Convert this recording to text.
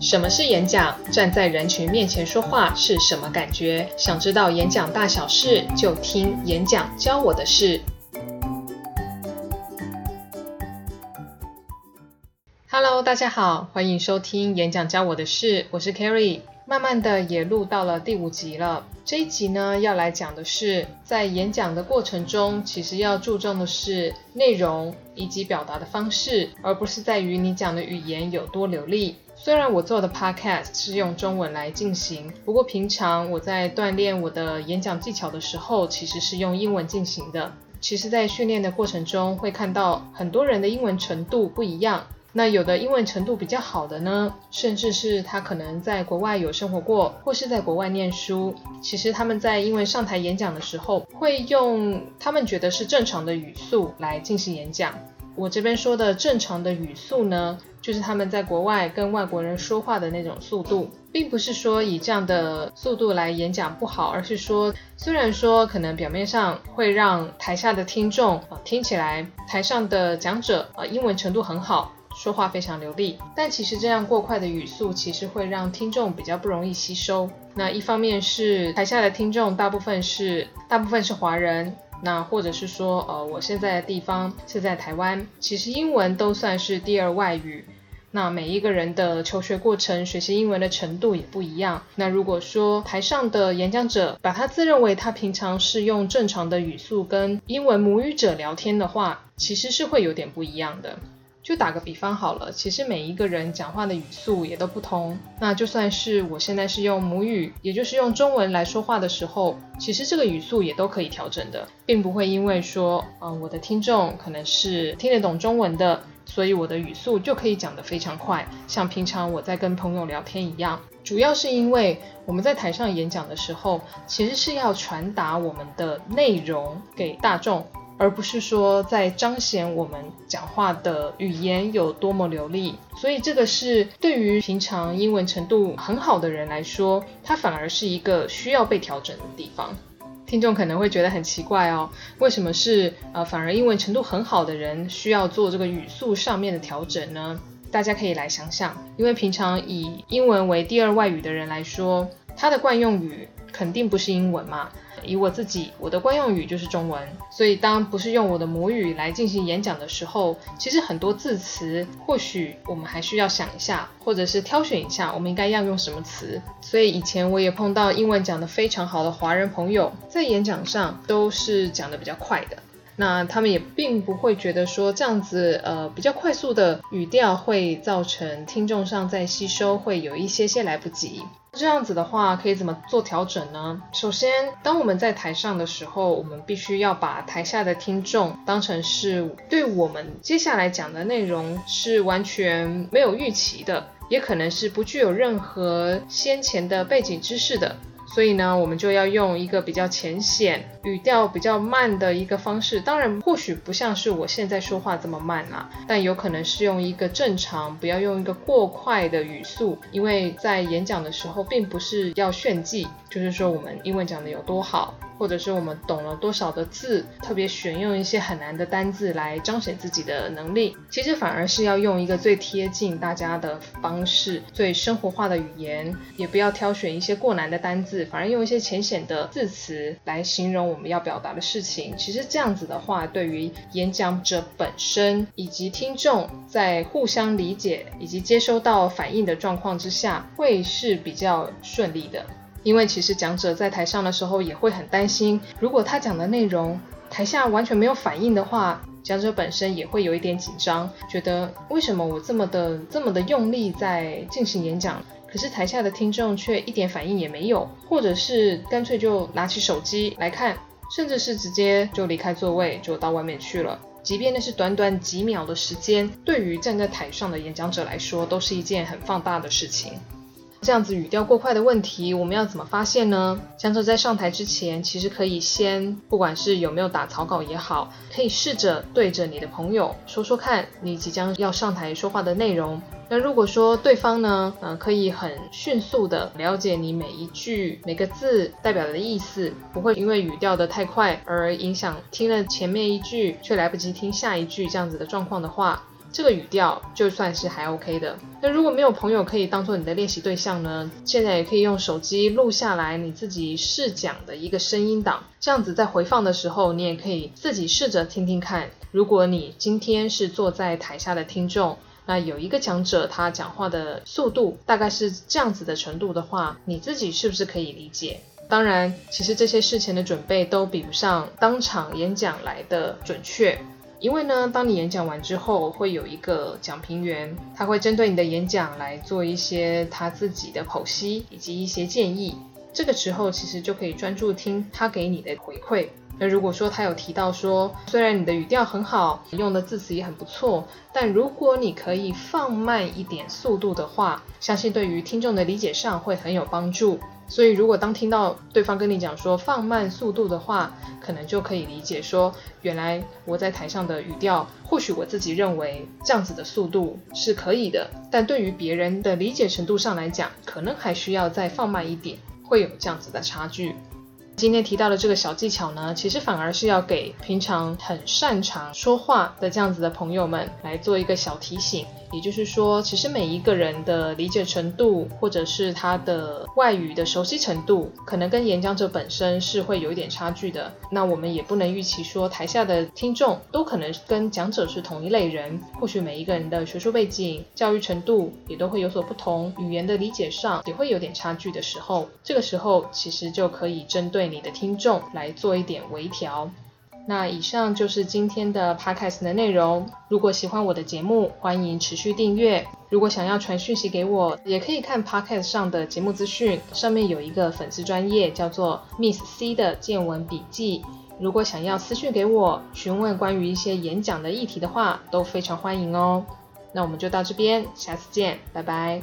什麼是演講？站在人群面前說話是什麼感覺？想知道演講大小事，就聽《演講教我的事》。Hello，大家好，歡迎收聽《演講教我的事》，我是 Kerry。慢慢的也錄到了第五集了。這一集呢，要來講的是，在演講的過程中，其實要注重的是內容以及表達的方式，而不是在於你講的語言有多流利。雖然我做的 podcast 是用中文來進行，不過平常我在鍛鍊我的演講技巧的時候，其實是用英文進行的。其實在訓練的過程中，會看到很多人的英文程度不一樣。那有的英文程度比較好的呢，甚至是他可能在國外有生活過，或是在國外唸書。其實他們在英文上台演講的時候，會用他們覺得是正常的語速來進行演講。我這邊說的正常的語速呢，就是他們在國外跟外國人說話的那種速度，並不是說以這樣的速度來演講不好，而是說，雖然說可能表面上會讓台下的聽眾啊，呃，聽起來台上的講者啊，呃，英文程度很好，說話非常流利，但其實這樣過快的語速其實會讓聽眾比較不容易吸收。那一方面是台下的聽眾大部分是大部分是華人。那或者是說，呃，我現在的地方是在台灣，其實英文都算是第二外語。那每一個人的求學過程，學習英文的程度也不一樣。那如果說台上的演講者把他自認為他平常是用正常的語速跟英文母語者聊天的話，其實是會有點不一樣的。就打個比方好了，其實每一個人講話的語速也都不同。那就算是我現在是用母語，也就是用中文來說話的時候，其實這個語速也都可以調整的，並不會因為說，嗯、呃，我的聽眾可能是聽得懂中文的，所以我的語速就可以講得非常快，像平常我在跟朋友聊天一樣。主要是因為我們在台上演講的時候，其實是要傳達我們的內容給大眾。而不是說在彰顯我們講話的語言有多麼流利。所以這個是對於平常英文程度很好的人來說，它反而是一個需要被調整的地方。聽眾可能會覺得很奇怪哦，為什麼是呃反而英文程度很好的人需要做這個語速上面的調整呢？大家可以來想想，因為平常以英文為第二外語的人來說，他的慣用語肯定不是英文嘛。以我自己，我的慣用語就是中文。所以當不是用我的母語來進行演講的時候，其實很多字詞，或許我們還需要想一下，或者是挑選一下，我們應該要用什麼詞。所以以前我也碰到英文講得非常好的華人朋友，在演講上都是講得比較快的。那他們也並不會覺得說這樣子，呃，比較快速的語調會造成聽眾上在吸收會有一些些來不及。這樣子的話，可以怎麼做調整呢？首先，當我們在台上的時候，我們必須要把台下的聽眾當成是對我們接下來講的內容是完全沒有預期的，也可能是不具有任何先前的背景知識的。所以呢，我們就要用一個比較淺顯、語調比較慢的一個方式。當然，或許不像是我現在說話這麼慢啦，啊，但有可能是用一個正常，不要用一個過快的語速。因為在演講的時候，並不是要炫技，就是說我們英文講的有多好。或者是我們懂了多少的字，特別選用一些很難的單字來彰顯自己的能力。其實反而是要用一個最貼近大家的方式，最生活化的語言，也不要挑選一些過難的單字，反而用一些淺顯的字詞來形容我們要表達的事情。其實這樣子的話，對於演講者本身以及聽眾在互相理解以及接收到反應的狀況之下，會是比較順利的。因為其實講者在台上的時候也會很擔心，如果他講的內容台下完全沒有反應的話，講者本身也會有一點緊張，覺得為什麼我這麼的這麼的用力在進行演講，可是台下的聽眾却一點反應也沒有，或者是乾脆就拿起手機來看，甚至是直接就離開座位就到外面去了。即便那是短短幾秒的時間，對於站在台上的演講者來說，都是一件很放大的事情。這樣子語調過快的問題，我們要怎麼發現呢？講者在上台之前，其實可以先，不管是有沒有打草稿也好，可以試着對着你的朋友說說看，你即將要上台說話的內容。那如果說對方呢，嗯、呃，可以很迅速地了解你每一句每個字代表的意思，不會因為語調的太快而影響聽了前面一句卻來不及聽下一句這樣子的狀況的話。這個語調就算是還 OK 的。那如果沒有朋友可以當做你的練習對象呢？現在也可以用手機錄下來你自己試講的一個聲音檔，這樣子在回放的時候，你也可以自己試着聽聽看。如果你今天是坐在台下的聽眾，那有一個講者他講話的速度大概是這樣子的程度的話，你自己是不是可以理解？當然，其實這些事前的準備都比不上當場演講來的準確。因為呢，當你演講完之後，會有一個講評員，他會針對你的演講來做一些他自己的剖析以及一些建議。這個時候其實就可以專注聽他給你的回饋。那如果說他有提到說，雖然你的語調很好，用的字詞也很不錯，但如果你可以放慢一點速度的話，相信對於聽眾的理解上會很有幫助。所以，如果當聽到對方跟你講說放慢速度的話，可能就可以理解說，原來我在台上的語調，或許我自己認為這樣子的速度是可以的，但對於別人的理解程度上來講，可能還需要再放慢一點，會有這樣子的差距。今天提到的這個小技巧呢，其實反而是要給平常很擅長說話的這樣子的朋友們來做一個小提醒。也就是說，其實每一個人的理解程度，或者是他的外語的熟悉程度，可能跟演講者本身是會有一點差距的。那我們也不能預期說台下的聽眾都可能跟講者是同一類人，或許每一個人的學術背景、教育程度也都會有所不同，語言的理解上也會有點差距的時候，這個時候其實就可以針對你的聽眾來做一點微調。那以上就是今天的 podcast 的內容。如果喜歡我的節目，歡迎持續訂閱。如果想要傳訊息給我，也可以看 podcast 上的節目資訊，上面有一個粉絲專頁叫做 Miss C 的見聞筆記。如果想要私訊給我，詢問關於一些演講的議題的話，都非常歡迎哦。那我們就到這邊，下次見，拜拜。